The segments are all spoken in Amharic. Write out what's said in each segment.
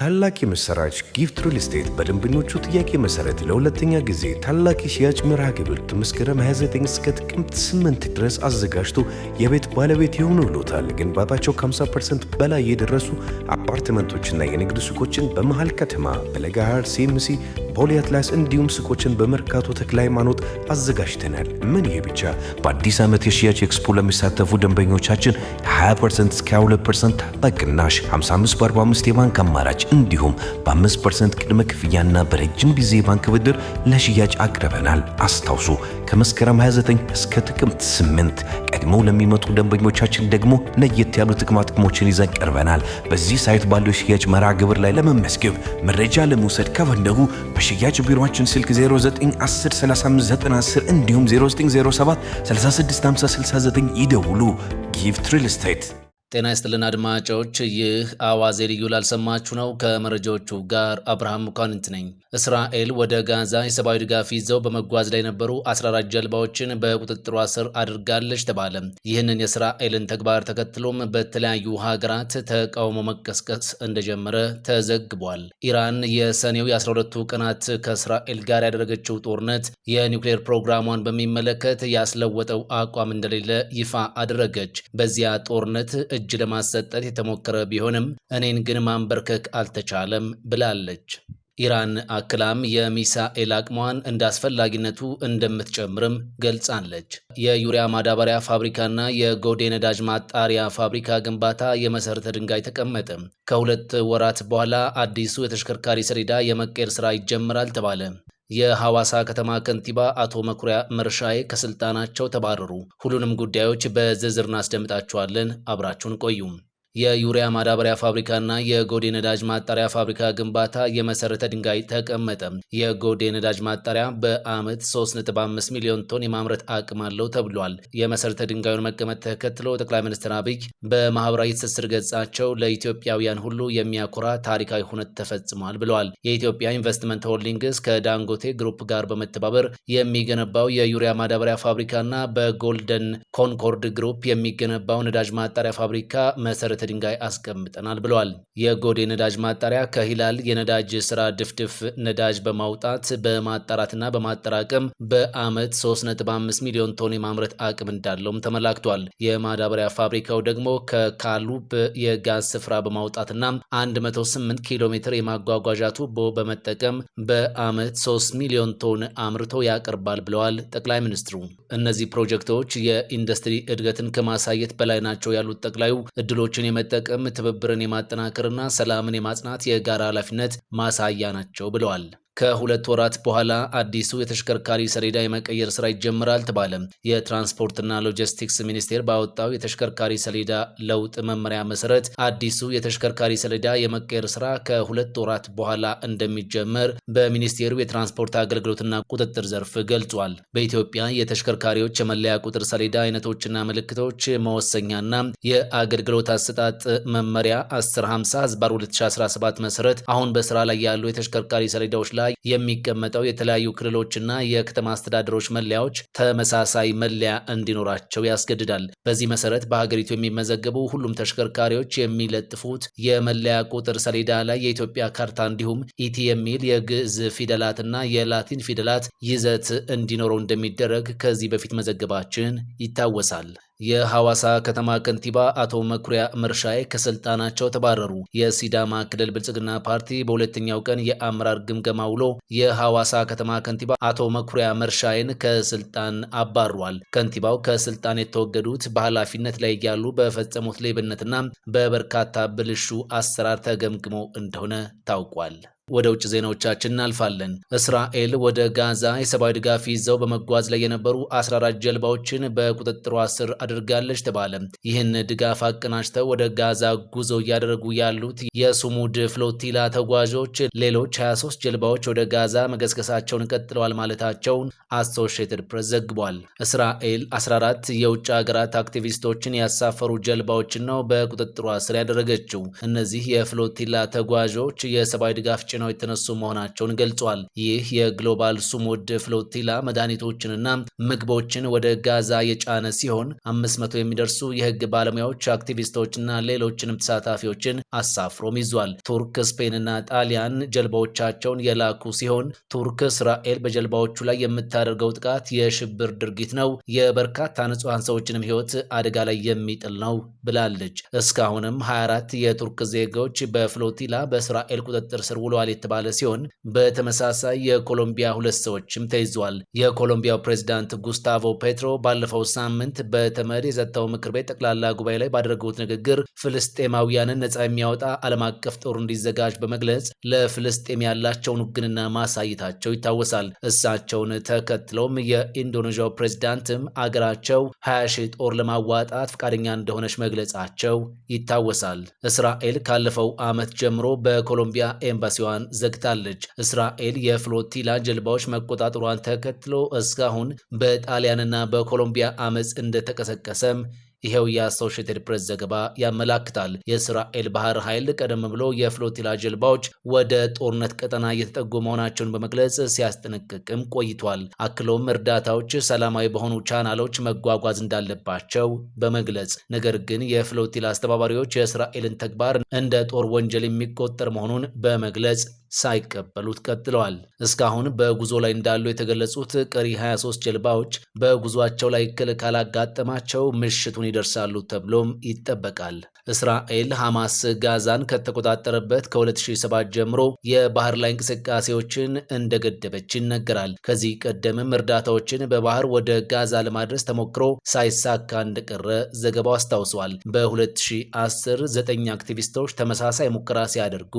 ታላቅ የምሥራች! ጊፍት ሪል ስቴት በደንበኞቹ ጥያቄ መሰረት ለሁለተኛ ጊዜ ታላቅ የሽያጭ መርሃ ግብር መስከረም 29 እስከ ጥቅምት 8 ድረስ አዘጋጅቶ የቤት ባለቤት የሆኑ ብሎታል። ግንባታቸው ከ50% በላይ የደረሱ አፓርትመንቶችና የንግድ ሱቆችን በመሃል ከተማ በለጋሃር ሲምሲ በፖሊ አትላስ እንዲሁም ሱቆችን በመርካቶ ተክለ ሃይማኖት አዘጋጅተናል። ምን ይሄ ብቻ! በአዲስ ዓመት የሽያጭ ኤክስፖ ለሚሳተፉ ደንበኞቻችን 20 እስከ 22 በቅናሽ 55 በ45 የባንክ አማራጭ እንዲሁም በ5 ቅድመ ክፍያና በረጅም ጊዜ የባንክ ብድር ለሽያጭ አቅርበናል። አስታውሱ ከመስከረም 29 እስከ ጥቅምት 8 ቀድመው ለሚመጡ ደንበኞቻችን ደግሞ ለየት ያሉ ጥቅማ ጥቅሞችን ይዘን ቀርበናል። በዚህ ሳይት ባለው የሽያጭ መርሃ ግብር ላይ ለመመስገብ መረጃ ለመውሰድ ከፈለጉ በሽያጭ ቢሮችን ስልክ 09103510 እንዲሁም 0907 5669 ይደውሉ። ጊፍት ሪል ስቴት ጤና ይስጥልን አድማጮች፣ ይህ አዋዜ ልዩ ላልሰማችሁ ነው። ከመረጃዎቹ ጋር አብርሃም ሙካንንት ነኝ። እስራኤል ወደ ጋዛ የሰብአዊ ድጋፍ ይዘው በመጓዝ ላይ የነበሩ 14 ጀልባዎችን በቁጥጥሯ ስር አድርጋለች ተባለ። ይህንን የእስራኤልን ተግባር ተከትሎም በተለያዩ ሀገራት ተቃውሞ መቀስቀስ እንደጀመረ ተዘግቧል። ኢራን የሰኔው የ12ቱ ቀናት ከእስራኤል ጋር ያደረገችው ጦርነት የኒውክሌር ፕሮግራሟን በሚመለከት ያስለወጠው አቋም እንደሌለ ይፋ አደረገች። በዚያ ጦርነት እጅ ለማሰጠት የተሞከረ ቢሆንም እኔን ግን ማንበርከክ አልተቻለም ብላለች። ኢራን አክላም የሚሳኤል አቅሟን እንደ አስፈላጊነቱ እንደምትጨምርም ገልጻለች። የዩሪያ ማዳበሪያ ፋብሪካና የጎዴ ነዳጅ ማጣሪያ ፋብሪካ ግንባታ የመሰረተ ድንጋይ ተቀመጠ። ከሁለት ወራት በኋላ አዲሱ የተሽከርካሪ ሰሌዳ የመቀየር ስራ ይጀምራል ተባለ። የሐዋሳ ከተማ ከንቲባ አቶ መኩሪያ መርሻዬ ከስልጣናቸው ተባረሩ። ሁሉንም ጉዳዮች በዝርዝር እናስደምጣችኋለን። አብራችሁን ቆዩም። የዩሪያ ማዳበሪያ ፋብሪካና የጎዴ ነዳጅ ማጣሪያ ፋብሪካ ግንባታ የመሰረተ ድንጋይ ተቀመጠ። የጎዴ ነዳጅ ማጣሪያ በዓመት 3.5 ሚሊዮን ቶን የማምረት አቅም አለው ተብሏል። የመሰረተ ድንጋዩን መቀመጥ ተከትሎ ጠቅላይ ሚኒስትር አብይ በማህበራዊ ትስስር ገጻቸው ለኢትዮጵያውያን ሁሉ የሚያኮራ ታሪካዊ ሁነት ተፈጽሟል ብለዋል። የኢትዮጵያ ኢንቨስትመንት ሆልዲንግስ ከዳንጎቴ ግሩፕ ጋር በመተባበር የሚገነባው የዩሪያ ማዳበሪያ ፋብሪካና በጎልደን ኮንኮርድ ግሩፕ የሚገነባው ነዳጅ ማጣሪያ ፋብሪካ መሰረ መሰረተ ድንጋይ አስቀምጠናል ብለዋል። የጎዴ ነዳጅ ማጣሪያ ከሂላል የነዳጅ ስራ ድፍድፍ ነዳጅ በማውጣት በማጣራትና በማጠራቀም በአመት 3.5 ሚሊዮን ቶን የማምረት አቅም እንዳለውም ተመላክቷል። የማዳበሪያ ፋብሪካው ደግሞ ከካሉብ የጋዝ ስፍራ በማውጣትና 108 ኪሎ ሜትር የማጓጓዣ ቱቦ በመጠቀም በአመት 3 ሚሊዮን ቶን አምርቶ ያቀርባል ብለዋል ጠቅላይ ሚኒስትሩ። እነዚህ ፕሮጀክቶች የኢንዱስትሪ እድገትን ከማሳየት በላይ ናቸው ያሉት ጠቅላዩ እድሎችን አቅምን የመጠቀም ትብብርን የማጠናከርና ሰላምን የማጽናት የጋራ ኃላፊነት ማሳያ ናቸው ብለዋል። ከሁለት ወራት በኋላ አዲሱ የተሽከርካሪ ሰሌዳ የመቀየር ስራ ይጀምራል ተባለ። የትራንስፖርትና ሎጂስቲክስ ሚኒስቴር ባወጣው የተሽከርካሪ ሰሌዳ ለውጥ መመሪያ መሰረት አዲሱ የተሽከርካሪ ሰሌዳ የመቀየር ስራ ከሁለት ወራት በኋላ እንደሚጀመር በሚኒስቴሩ የትራንስፖርት አገልግሎትና ቁጥጥር ዘርፍ ገልጿል። በኢትዮጵያ የተሽከርካሪዎች የመለያ ቁጥር ሰሌዳ አይነቶችና ምልክቶች መወሰኛና የአገልግሎት አሰጣጥ መመሪያ 1050 2017 መሰረት አሁን በስራ ላይ ያሉ የተሽከርካሪ ሰሌዳዎች ላይ የሚቀመጠው የተለያዩ ክልሎችና የከተማ አስተዳደሮች መለያዎች ተመሳሳይ መለያ እንዲኖራቸው ያስገድዳል። በዚህ መሰረት በሀገሪቱ የሚመዘገቡ ሁሉም ተሽከርካሪዎች የሚለጥፉት የመለያ ቁጥር ሰሌዳ ላይ የኢትዮጵያ ካርታ እንዲሁም ኢቲ የሚል የግዕዝ ፊደላትና የላቲን ፊደላት ይዘት እንዲኖረው እንደሚደረግ ከዚህ በፊት መዘገባችን ይታወሳል። የሐዋሳ ከተማ ከንቲባ አቶ መኩሪያ መርሻዬ ከስልጣናቸው ተባረሩ። የሲዳማ ክልል ብልጽግና ፓርቲ በሁለተኛው ቀን የአመራር ግምገማ ውሎ የሐዋሳ ከተማ ከንቲባ አቶ መኩሪያ መርሻዬን ከስልጣን አባሯል። ከንቲባው ከስልጣን የተወገዱት በኃላፊነት ላይ እያሉ በፈጸሙት ሌብነትና በበርካታ ብልሹ አሰራር ተገምግሞ እንደሆነ ታውቋል። ወደ ውጭ ዜናዎቻችን እናልፋለን። እስራኤል ወደ ጋዛ የሰብአዊ ድጋፍ ይዘው በመጓዝ ላይ የነበሩ 14 ጀልባዎችን በቁጥጥሯ ስር አድርጋለች ተባለ። ይህን ድጋፍ አቀናጅተው ወደ ጋዛ ጉዞ እያደረጉ ያሉት የሱሙድ ፍሎቲላ ተጓዦች ሌሎች 23 ጀልባዎች ወደ ጋዛ መገስገሳቸውን ቀጥለዋል ማለታቸውን አሶሽትድ ፕሬስ ዘግቧል። እስራኤል 14 የውጭ ሀገራት አክቲቪስቶችን ያሳፈሩ ጀልባዎችን ነው በቁጥጥሯ ስር ያደረገችው። እነዚህ የፍሎቲላ ተጓዦች የሰብአዊ ድጋፍ ነው የተነሱ መሆናቸውን ገልጿል። ይህ የግሎባል ሱሙድ ፍሎቲላ መድኃኒቶችንና ምግቦችን ወደ ጋዛ የጫነ ሲሆን አምስት መቶ የሚደርሱ የህግ ባለሙያዎች፣ አክቲቪስቶችና ሌሎችንም ተሳታፊዎችን አሳፍሮም ይዟል። ቱርክ፣ ስፔንና ጣሊያን ጀልባዎቻቸውን የላኩ ሲሆን ቱርክ እስራኤል በጀልባዎቹ ላይ የምታደርገው ጥቃት የሽብር ድርጊት ነው፣ የበርካታ ንጹሐን ሰዎችንም ህይወት አደጋ ላይ የሚጥል ነው ብላለች። እስካሁንም 24 የቱርክ ዜጎች በፍሎቲላ በእስራኤል ቁጥጥር ስር ውለዋል ተገድለዋል የተባለ ሲሆን በተመሳሳይ የኮሎምቢያ ሁለት ሰዎችም ተይዘዋል። የኮሎምቢያው ፕሬዚዳንት ጉስታቮ ፔትሮ ባለፈው ሳምንት በተመድ የጸጥታው ምክር ቤት ጠቅላላ ጉባኤ ላይ ባደረጉት ንግግር ፍልስጤማውያንን ነጻ የሚያወጣ ዓለም አቀፍ ጦር እንዲዘጋጅ በመግለጽ ለፍልስጤም ያላቸውን ውግንና ማሳየታቸው ይታወሳል። እሳቸውን ተከትለውም የኢንዶኔዥያው ፕሬዚዳንትም አገራቸው ሀያ ሺህ ጦር ለማዋጣት ፈቃደኛ እንደሆነች መግለጻቸው ይታወሳል። እስራኤል ካለፈው ዓመት ጀምሮ በኮሎምቢያ ኤምባሲዋ በሯን ዘግታለች። እስራኤል የፍሎቲላ ጀልባዎች መቆጣጠሯን ተከትሎ እስካሁን በጣሊያንና በኮሎምቢያ አመፅ እንደተቀሰቀሰም ይሄው የአሶሽትድ ፕሬስ ዘገባ ያመላክታል። የእስራኤል ባህር ኃይል ቀደም ብሎ የፍሎቲላ ጀልባዎች ወደ ጦርነት ቀጠና እየተጠጉ መሆናቸውን በመግለጽ ሲያስጠነቅቅም ቆይቷል። አክሎም እርዳታዎች ሰላማዊ በሆኑ ቻናሎች መጓጓዝ እንዳለባቸው በመግለጽ ነገር ግን የፍሎቲላ አስተባባሪዎች የእስራኤልን ተግባር እንደ ጦር ወንጀል የሚቆጠር መሆኑን በመግለጽ ሳይቀበሉት ቀጥለዋል። እስካሁን በጉዞ ላይ እንዳሉ የተገለጹት ቀሪ 23 ጀልባዎች በጉዟቸው ላይ እክል ካላጋጠማቸው ምሽቱን ይደርሳሉ ተብሎም ይጠበቃል። እስራኤል ሐማስ ጋዛን ከተቆጣጠረበት ከ2007 ጀምሮ የባህር ላይ እንቅስቃሴዎችን እንደገደበች ይነገራል። ከዚህ ቀደምም እርዳታዎችን በባህር ወደ ጋዛ ለማድረስ ተሞክሮ ሳይሳካ እንደቀረ ዘገባው አስታውሷል። በ2010 ዘጠኝ አክቲቪስቶች ተመሳሳይ ሙከራ ሲያደርጉ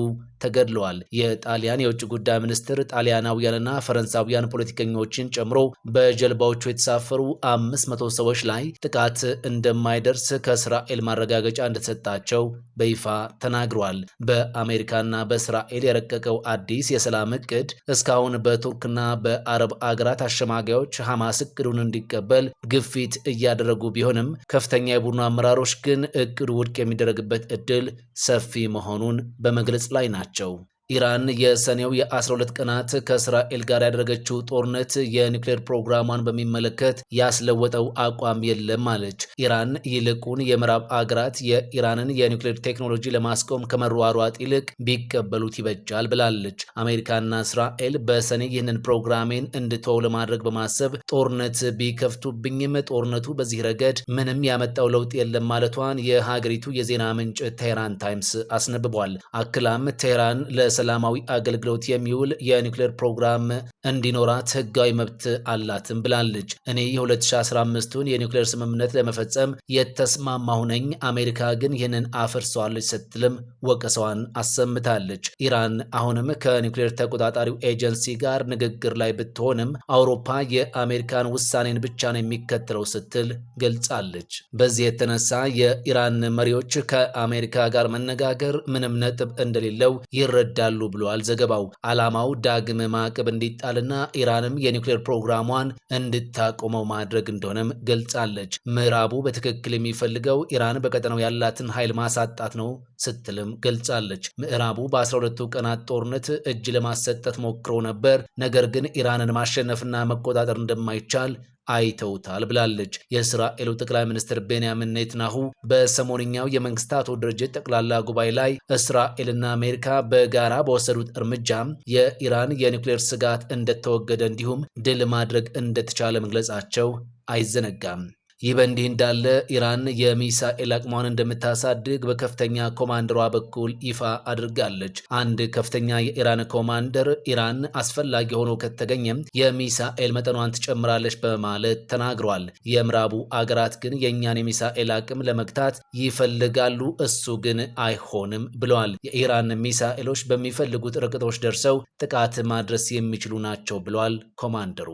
ተገድለዋል። የጣሊያን የውጭ ጉዳይ ሚኒስትር ጣሊያናውያንና ፈረንሳውያን ፖለቲከኞችን ጨምሮ በጀልባዎቹ የተሳፈሩ አምስት መቶ ሰዎች ላይ ጥቃት እንደማይደርስ ከእስራኤል ማረጋገጫ እንደተሰጣቸው በይፋ ተናግሯል። በአሜሪካና በእስራኤል የረቀቀው አዲስ የሰላም እቅድ እስካሁን በቱርክና በአረብ አገራት አሸማጋዮች ሐማስ እቅዱን እንዲቀበል ግፊት እያደረጉ ቢሆንም ከፍተኛ የቡድኑ አመራሮች ግን እቅዱ ውድቅ የሚደረግበት ዕድል ሰፊ መሆኑን በመግለጽ ላይ ናቸው። ኢራን የሰኔው የ12 ቀናት ከእስራኤል ጋር ያደረገችው ጦርነት የኒውክሌር ፕሮግራሟን በሚመለከት ያስለወጠው አቋም የለም አለች። ኢራን ይልቁን የምዕራብ አገራት የኢራንን የኒውክሌር ቴክኖሎጂ ለማስቆም ከመሯሯጥ ይልቅ ቢቀበሉት ይበጃል ብላለች። አሜሪካና እስራኤል በሰኔ ይህንን ፕሮግራሜን እንድተው ለማድረግ በማሰብ ጦርነት ቢከፍቱብኝም ጦርነቱ በዚህ ረገድ ምንም ያመጣው ለውጥ የለም ማለቷን የሀገሪቱ የዜና ምንጭ ቴህራን ታይምስ አስነብቧል። አክላም ቴህራን ለ ለሰላማዊ አገልግሎት የሚውል የኒውክሌር ፕሮግራም እንዲኖራት ህጋዊ መብት አላትም ብላለች። እኔ የ2015ቱን የኒውክሌር ስምምነት ለመፈጸም የተስማማሁ ነኝ፣ አሜሪካ ግን ይህንን አፍርሰዋለች ስትልም ወቀሰዋን አሰምታለች። ኢራን አሁንም ከኒውክሌር ተቆጣጣሪው ኤጀንሲ ጋር ንግግር ላይ ብትሆንም አውሮፓ የአሜሪካን ውሳኔን ብቻ ነው የሚከተለው ስትል ገልጻለች። በዚህ የተነሳ የኢራን መሪዎች ከአሜሪካ ጋር መነጋገር ምንም ነጥብ እንደሌለው ይረዳል ይችላሉ ብለዋል ዘገባው። ዓላማው ዳግም ማዕቀብ እንዲጣልና ኢራንም የኒውክሌር ፕሮግራሟን እንድታቆመው ማድረግ እንደሆነም ገልጻለች። ምዕራቡ በትክክል የሚፈልገው ኢራን በቀጠናው ያላትን ኃይል ማሳጣት ነው ስትልም ገልጻለች። ምዕራቡ በ12ቱ ቀናት ጦርነት እጅ ለማሰጠት ሞክሮ ነበር፣ ነገር ግን ኢራንን ማሸነፍና መቆጣጠር እንደማይቻል አይተውታል ብላለች። የእስራኤሉ ጠቅላይ ሚኒስትር ቤንያሚን ኔትናሁ በሰሞንኛው የመንግስታቱ ድርጅት ጠቅላላ ጉባኤ ላይ እስራኤልና አሜሪካ በጋራ በወሰዱት እርምጃ የኢራን የኒውክሌር ስጋት እንደተወገደ እንዲሁም ድል ማድረግ እንደተቻለ መግለጻቸው አይዘነጋም። ይህ በእንዲህ እንዳለ ኢራን የሚሳኤል አቅሟን እንደምታሳድግ በከፍተኛ ኮማንደሯ በኩል ይፋ አድርጋለች። አንድ ከፍተኛ የኢራን ኮማንደር ኢራን አስፈላጊ ሆኖ ከተገኘም የሚሳኤል መጠኗን ትጨምራለች በማለት ተናግሯል። የምዕራቡ አገራት ግን የእኛን የሚሳኤል አቅም ለመግታት ይፈልጋሉ፣ እሱ ግን አይሆንም ብለዋል። የኢራን ሚሳኤሎች በሚፈልጉት ርቀቶች ደርሰው ጥቃት ማድረስ የሚችሉ ናቸው ብለዋል ኮማንደሩ።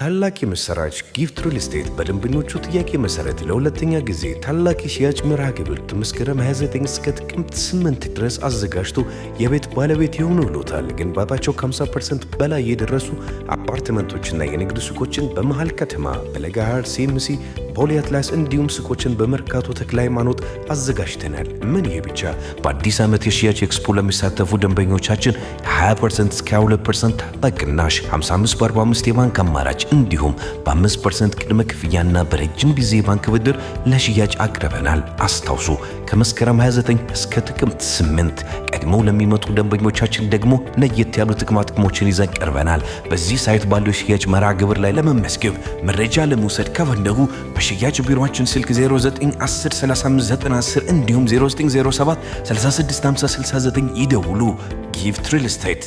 ታላቅ የምሥራች! ጊፍት ሪል ስቴት በደንበኞቹ ጥያቄ መሰረት ለሁለተኛ ጊዜ ታላቅ የሽያጭ መርሃ ግብር መስከረም 29 እስከ ጥቅምት 8 ድረስ አዘጋጅቶ የቤት ባለቤት የሆኑ ብሎታል። ግንባታቸው ከ50% በላይ የደረሱ አፓርትመንቶችና የንግድ ሱቆችን በመሃል ከተማ በለጋሃር ሲምሲ በፖሊ አትላስ እንዲሁም ሱቆችን በመርካቶ ተክለ ሃይማኖት አዘጋጅተናል። ምን ይሄ ብቻ! በአዲስ ዓመት የሽያጭ ኤክስፖ ለሚሳተፉ ደንበኞቻችን 20 እስከ 22 ፐርሰንት በቅናሽ 55 በ45 የባንክ አማራጭ እንዲሁም በ5 ቅድመ ክፍያና በረጅም ጊዜ የባንክ ብድር ለሽያጭ አቅርበናል። አስታውሱ ከመስከረም 29 እስከ ጥቅምት 8 ቀድመው ለሚመጡ ደንበኞቻችን ደግሞ ለየት ያሉ ጥቅማ ጥቅሞችን ይዘን ቀርበናል። በዚህ ሳይት ባለው የሽያጭ መርሃ ግብር ላይ ለመመስገብ መረጃ ለመውሰድ ከፈለጉ በሽያጭ ቢሮችን ስልክ 09103510 እንዲሁም 5669 ይደውሉ። ጊፍት ሪል ስቴት